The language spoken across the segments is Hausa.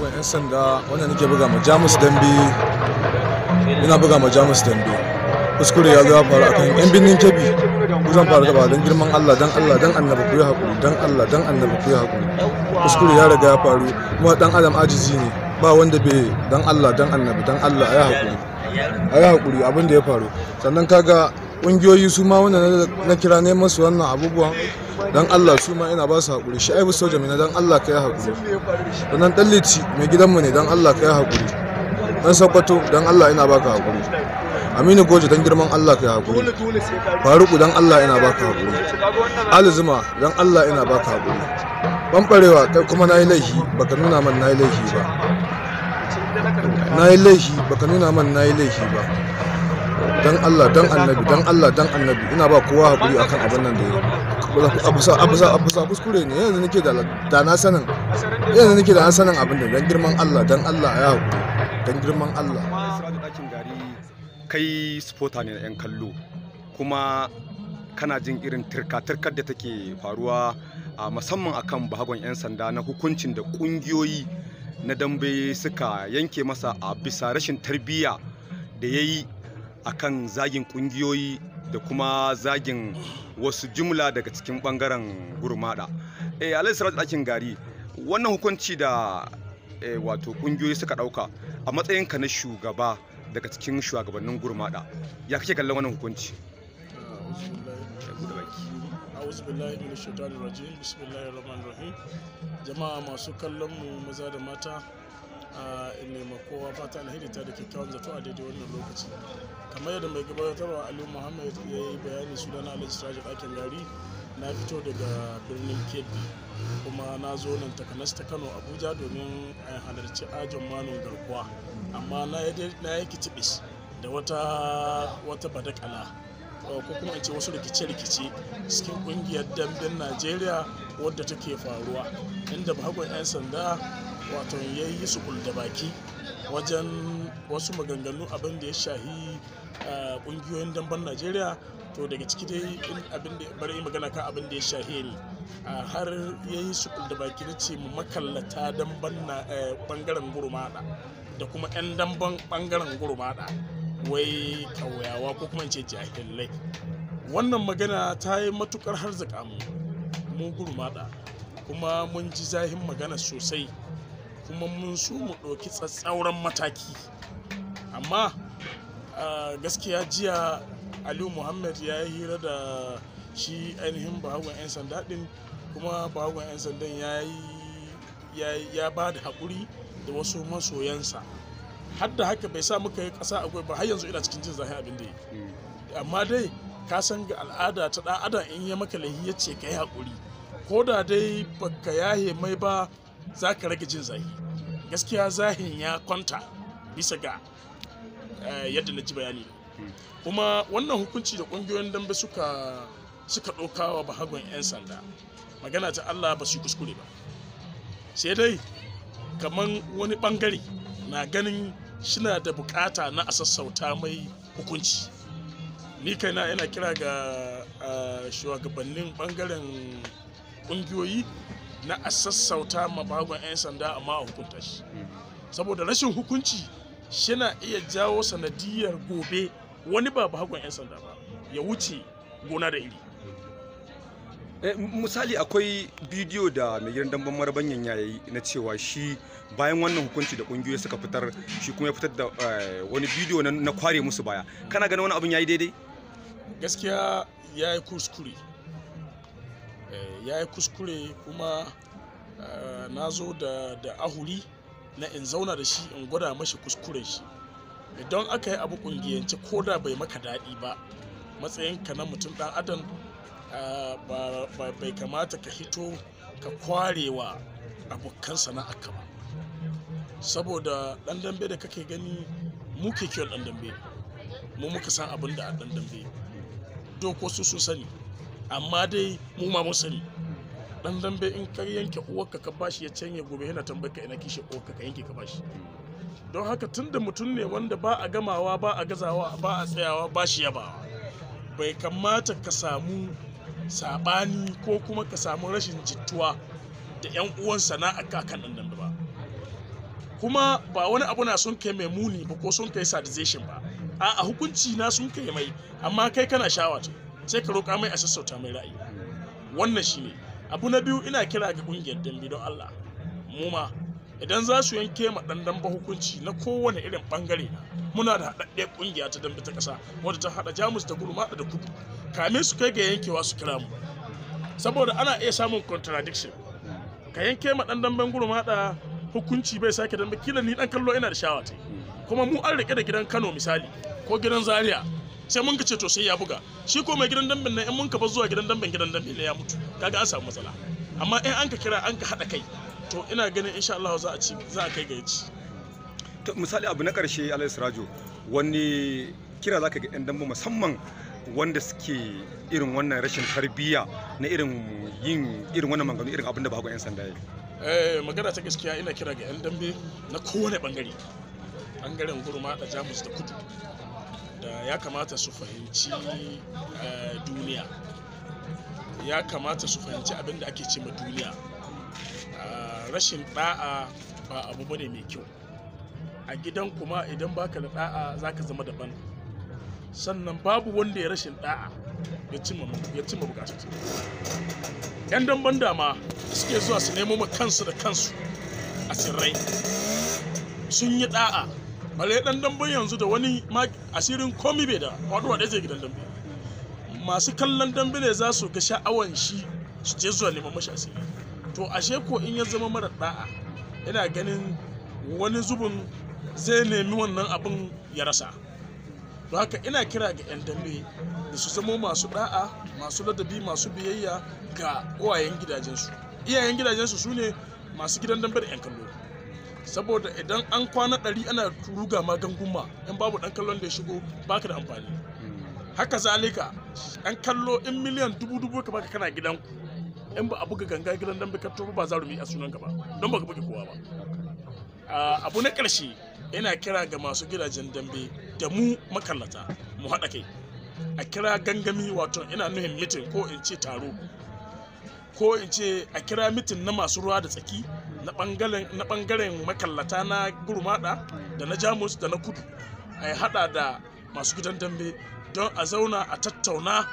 shagon 'yan sanda wanda nake buga ma jamus dambe ina buga ma jamus dambe kuskure ya zuwa faru akan yan birnin kebi ku zan faru gaba don girman allah don allah don annabi ku yi hakuri don allah don annabi ku yi hakuri kuskure ya riga ya faru kuma dan adam ajizi ne ba wanda bai dan allah don annabi don allah a yi haƙuri a yi hakuri abin da ya faru sannan kaga ƙungiyoyi su ma wanda na kira neman su wannan abubuwan don Allah su ma ina ba su haƙuri shi ai soja mai na don Allah ka yi haƙuri sannan ɗan mai gidanmu ne don Allah ka yi haƙuri Don sakwato don Allah ina ba ka haƙuri aminu goje don girman Allah ka yi haƙuri faruku don Allah ina ba ka haƙuri alizuma don Allah ina ba ka haƙuri ɓanɓarewa kai kuma na yi laifi baka nuna man na yi laifi ba na yi laifi baka nuna man na yi laifi ba dan Allah dan annabi dan Allah dan annabi ina ba kowa hakuri akan abin nan da ya abusa abusa abusa kuskure ne yanzu nake da da na sanin yanzu nake da na sanin abin da dan girman Allah dan Allah ya hakuri dan girman Allah kai supporter ne na yan kallo kuma kana jin irin turka tirkar da take faruwa a musamman akan bahagon 'yan sanda na hukuncin da kungiyoyi na dambe suka yanke masa a bisa rashin tarbiyya da ya yi akan zagin kungiyoyi da kuma zagin wasu jumla daga cikin bangaren gurmada eh sarar ɗakin gari wannan hukunci da eh, wato kungiyoyi suka ɗauka a matsayinka na shugaba daga cikin shugabannin gurmada ya kake kallon wannan hukunci a'udhu billahi minash shaitanir rajim bismillahir rahmanir rahim jama'a masu kallon mu maza da mata in nema kowa fata alheri ta da kyakkyawan zato a daidai wannan lokaci kamar yadda mai gabatarwa ali muhammad ya yi bayani sunana alhaji sirajin ɗakin gari na fito daga birnin kebbi kuma na zo nan takanas ta kano abuja domin a halarci ajin manon garkuwa amma na yi kitibis da wata wata badakala ko kuma ce wasu rikice-rikice cikin kungiyar damben najeriya wadda take faruwa inda hagun 'yan sanda wato ya yi su da baki wajen wasu maganganu abin da ya shahi kungiyoyin damben najeriya to daga ciki dai abin da bari magana kan abin da ya shahi ne. har ya yi su da baki na ce mu makallata damban na bangaren gurmada da kuma 'yan damben bangaren gurmada wai kauyawa ko kuma ce jahilai wannan magana ta yi matukar harzika mu mu gurmada kuma mun ji zahin magana sosai kuma mun su mu ɗauki tsatsauran mataki amma gaskiya jiya aliyu muhammad ya yi hira da shi ainihin bahagon 'yan sanda ɗin kuma bahagon 'yan sandan ya ba da haƙuri da wasu masoyansa har haka bai sa muka yi ƙasa akwai ba har yanzu ina cikin jin zahin abin da yi amma dai ka san ga al'ada ta ɗan adam in ya maka lahi ya ce ka yi haƙuri ko da dai baka yahe mai ba za ka rage jin zahi gaskiya zahin ya kwanta bisa ga eh, yadda na ji bayani kuma wannan hukunci da ƙungiyoyin dambe suka suka ɗauka wa bahagon 'yan sanda magana ta allah ba su yi kuskure ba sai dai kamar wani ɓangare na ganin shina da bukata na a sassauta mai hukunci ni kaina yana kira ga eh, shugabannin ɓangaren ƙungiyoyi na a sassauta ma bagon 'yan sanda amma a hukunta shi saboda rashin hukunci shina iya jawo sanadiyar gobe wani ba bagon 'yan sanda ba ya wuce gona da iri eh, misali akwai bidiyo da mai gidan damban marabanyan ya yi na cewa shi bayan wannan hukunci da kungiyoyi suka fitar shi kuma ya fitar da eh, wani bidiyo na kware musu baya kana ganin wani abin ya yi daidai gaskiya ya yi kuskure ya yi kuskure kuma eh, na zo da ahuri na in zauna da shi in gwada mashi kuskure shi idan aka yi abu kungiyance ko da bai maka daɗi ba matsayinka na mutum ɗan adam eh, bai kamata ka hito ka kwarewa abokan sana'arka ba saboda ɗan dambe da kake gani mu ke kiyon ɗan dambe mu muka san abin da a ɗan dambe dokosu sun sani amma dai mu ma mu sani dan dambe in kar yanke uwarka ka bashi ya canye gobe yana tambayar ka ina kishi uwarka ka yanke ka bashi don haka tunda mutum ne wanda ba a gamawa ba a gazawa ba a tsayawa ba shi yabawa bai kamata ka samu sabani ko kuma ka samu rashin jituwa da yan uwan sana'a ka kan dan dambe ba kuma ba wani abu na sun kai mai muni ba ko sun kai sadization ba a'a hukunci na sun kai mai amma kai kana shawa ce sai ka roƙa mai a sassauta mai ra'ayi wannan shi ne abu na biyu ina kira ga ƙungiyar dambe don Allah mu ma idan za su yanke ma dan damba hukunci na kowane irin bangare muna da haɗaɗɗe ƙungiya ta dambe ta ƙasa wadda ta haɗa jamus da gurma da kudu kamin su kai ga yankewa su kira mu saboda ana iya samun contradiction ka yanke ma ɗan damben gurma da hukunci bai sake dambe kila ni dan kallo ina da shawa kuma mu an riƙe da gidan Kano misali ko gidan Zaria sai mun ka ce to sai ya buga shi ko mai gidan dambin nan in mun ka bar zuwa gidan dambin gidan dambin ne ya mutu kaga an samu matsala amma in an ka kira an ka hada kai to ina ganin insha Allah za a ci za a kai ga yaci to misali abu na karshe Alhaji Sirajo wani kira zaka ga yan dambe musamman wanda suke irin wannan rashin tarbiyya na irin yin irin wannan maganganu irin abinda ba ga yan sanda eh magana ta gaskiya ina kira ga yan dambe na kowane bangare bangaren gurma da jamus da kudu da ya kamata su fahimci eh, duniya ya kamata su fahimci abin da ake ce ma duniya ah, rashin ɗa'a ba abu bane mai kyau a gidan kuma idan baka da ɗa'a zaka zama daban sannan babu wanda ya rashin ɗa'a ya cimma bukatu yan damban dama suke zuwa su nemo ma kansu da kansu a sirrai sun yi ɗa'a bare dan dambe yanzu da wani asirin komi bai da wato da zai gidan dambe masu kallon dambe ne za su ga sha'awan shi su je zuwa neman mashi asiri to ashe ko in ya zama mara da'a ina ganin wani zubin zai nemi wannan abin ya rasa don haka ina kira ga 'yan dambe da su zama masu da'a masu ladabi masu biyayya ga uwayen gidajensu iyayen gidajensu su ne masu gidan dambe da 'yan kallo saboda idan an kwana ɗari ana ruga ma ganguma in babu ɗan kallon da ya shigo baka da amfani hmm. haka zalika an kallo in miliyan dubu dubu ka baka kana gidanku in ba a buga ganga gidan dan baka tobu ba za mu yi a sunan gaba don baka buga kowa ba ah, abu na karshe ina kira ga masu gidajen dambe da mu makallata mu haɗa kai a kira gangami wato ina nuhin mitin ko in ce taro ko in ce a kira mitin na masu ruwa da tsaki na ɓangaren makallata na gurmada da na jamus da na kudu a hada da masu gidan dambe don a zauna a tattauna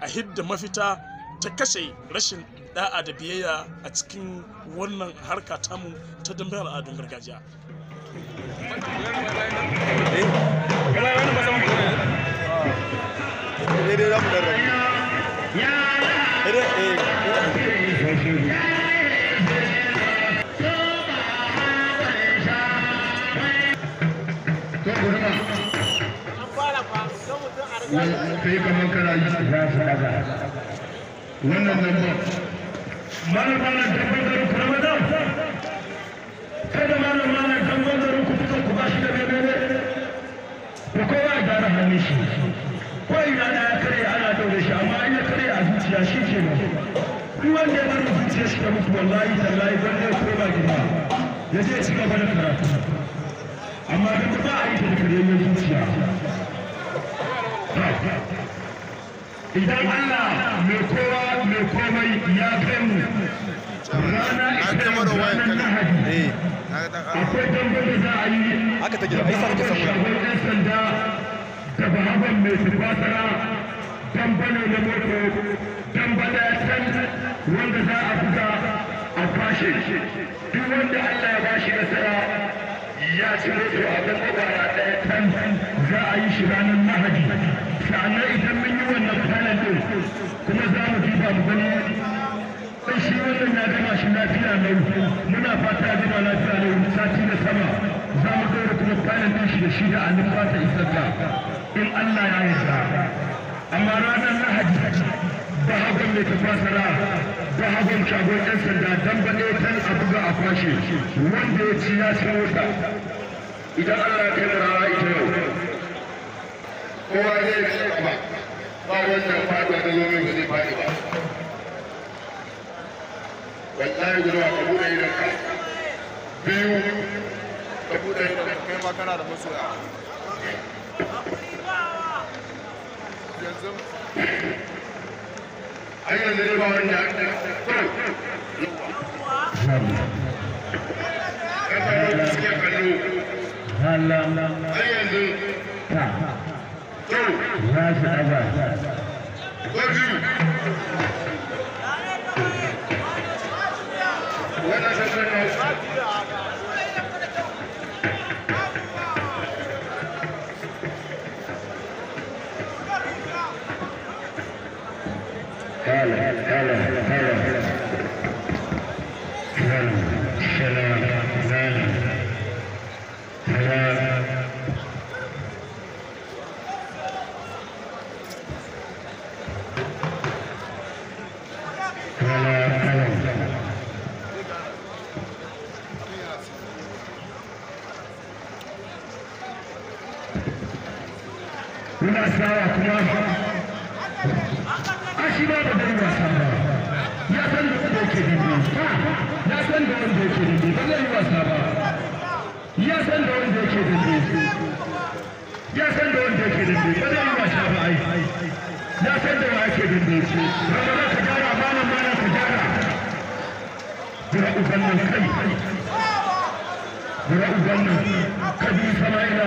a hidda mafita ta kashe rashin da'a da biyayya a cikin wannan harka tamu ta dambe al'adun gargajiya Yeah, yeah. Eh. kai kamar kana yi za su daga wannan lamba malam malam dabbar garu kuma da kada malam malam dabbar garu ku fito ku ba shi da bebe ku kowa gyara hannun shi ko ina na ya kare ana daure shi amma an ya kare a zuciya shi ke nan duk wanda ya bari zuciya shi ta mutu wallahi tallahi wanda ya koma gida ya je ci gaba da karatu amma duk ba a yi ta da karyayyar zuciya idan Allah mai kowa mai komai ya kai mu rana ita ranar lahadi eh, akwai dambe da za a yi haka da ɗan sanda da bahaban mai tubatara dambane na moto wanda za a buga a kwashe duk wanda Allah ya bashi nasara ya ci moto a kan ɗaya can za a yi shi ranar lahadi sa'annan idan mun yi wannan kwanan din kuma za mu duba mu gani sai shi wannan ya gama shi lafiya mai muna fata ya gama lafiya mai sati da sama za mu ɗora kuma kwanan din shi da shi da annin fata isarta in Allah ya yi sa amma ranar lahadi ba hakan mai tafasara ba hakan shagon 'yan sanda dan ba ɗaya tan a buga a kwashe wanda ya ci ya san wuta idan Allah ya kai mu rana ita yau kowa zai da ba ba wannan ma kana da masoya yanzu ai yanzu ne ba wanda Nashi Abba. Let us garin wasa kuma a shi ba da garin wasa ba ya san da wanda yake dindi ya san da wanda yake dindi ba zai yi ba ya san da wanda yake dindi ya da wanda ba ya san da wanda yake dindi ramadan ka gyara malam malam ka gyara jira ubannin kai jira ubannin kabi sama'ila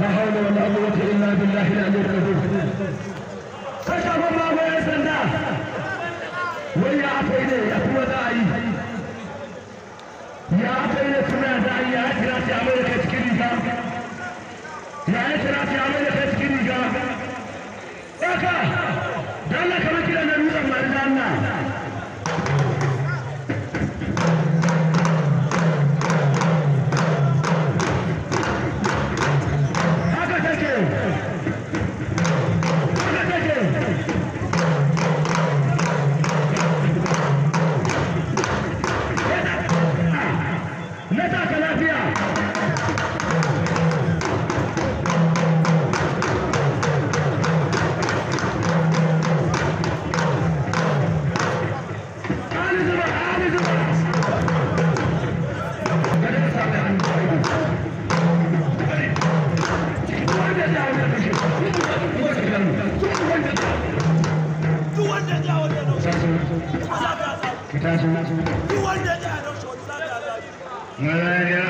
لا حول ولا قوة إلا بالله العلي العظيم كشف الله يا سندا ويا عفيني يا قوة داعي يا عفيني سنة داعي يا أجرات يا أمريكا تكريكا يا أجرات يا أمريكا تكريكا لك دلك Malaria